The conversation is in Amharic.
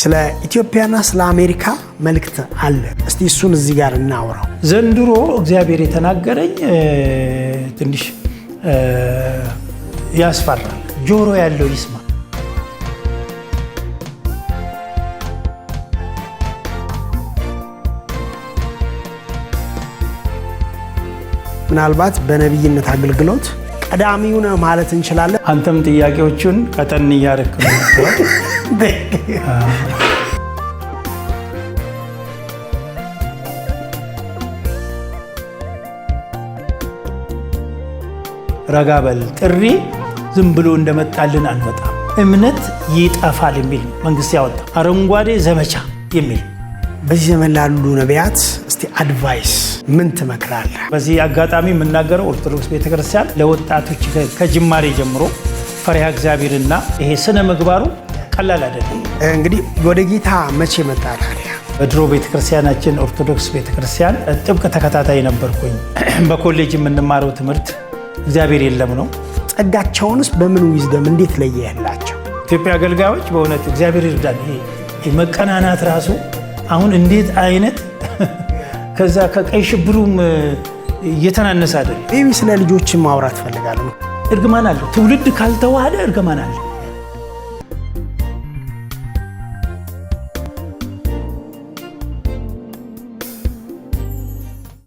ስለ ኢትዮጵያና ስለ አሜሪካ መልእክት አለ። እስቲ እሱን እዚህ ጋር እናውራው። ዘንድሮ እግዚአብሔር የተናገረኝ ትንሽ ያስፈራል። ጆሮ ያለው ይስማ። ምናልባት በነቢይነት አገልግሎት ቀዳሚው ማለት እንችላለን። አንተም ጥያቄዎቹን ቀጠን እያረክ 네. ረጋበል ጥሪ ዝም ብሎ እንደመጣልን አንመጣም። እምነት ይጠፋል የሚል መንግስት ያወጣ አረንጓዴ ዘመቻ የሚል በዚህ ዘመን ላሉ ነቢያት እስቲ አድቫይስ ምን ትመክራለ በዚህ አጋጣሚ የምናገረው ኦርቶዶክስ ቤተክርስቲያን ለወጣቶች ከጅማሬ ጀምሮ ፈሪሃ እግዚአብሔርና ይሄ ስነ ምግባሩ ቀላል አይደለም። እንግዲህ ወደ ጌታ መቼ መጣ ታዲያ? በድሮ ቤተክርስቲያናችን ኦርቶዶክስ ቤተክርስቲያን ጥብቅ ተከታታይ ነበርኩኝ። በኮሌጅ የምንማረው ትምህርት እግዚአብሔር የለም ነው። ጸጋቸውንስ በምን ዊዝደም እንዴት ለየ ያላቸው ኢትዮጵያ አገልጋዮች በእውነት እግዚአብሔር ይርዳል። ይሄ መቀናናት ራሱ አሁን እንዴት አይነት ከዛ ከቀይ ሽብሩም እየተናነሰ ቤቢ ስለ ልጆች ማውራት ፈልጋለሁ። እርግማን አለው ትውልድ ካልተዋሃደ እርግማን አለው።